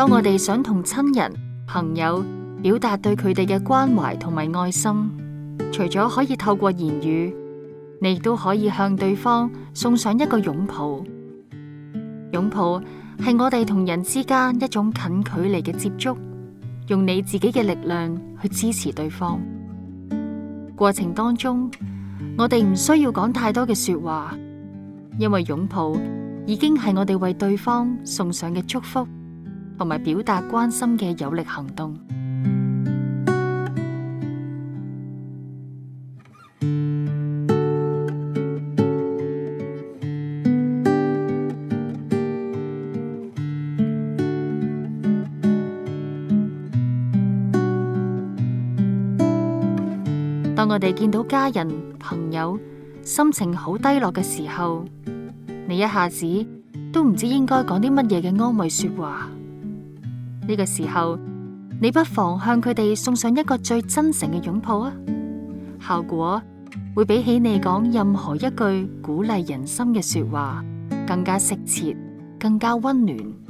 當我哋想同親人、朋友表達對佢哋嘅關懷同埋愛心，除咗可以透過言語，你都可以向對方送上一個擁抱。擁抱係我哋同人之間一種近距離嘅接觸，用你自己嘅力量去支持對方。過程當中，我哋唔需要講太多嘅說話，因為擁抱已經係我哋為對方送上嘅祝福。同埋表達關心嘅有力行動。當我哋見到家人、朋友心情好低落嘅時候，你一下子都唔知應該講啲乜嘢嘅安慰說話。呢、這個時候，你不妨向佢哋送上一個最真誠嘅擁抱啊！效果會比起你講任何一句鼓勵人心嘅說話更加適切，更加溫暖。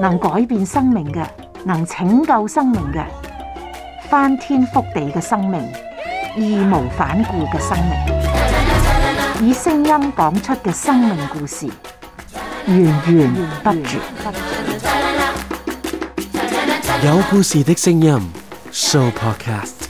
能改變生命嘅，能拯救生命嘅，翻天覆地嘅生命，義無反顧嘅生命，以聲音講出嘅生命故事，源源不絕。有故事的聲音，Show Podcast。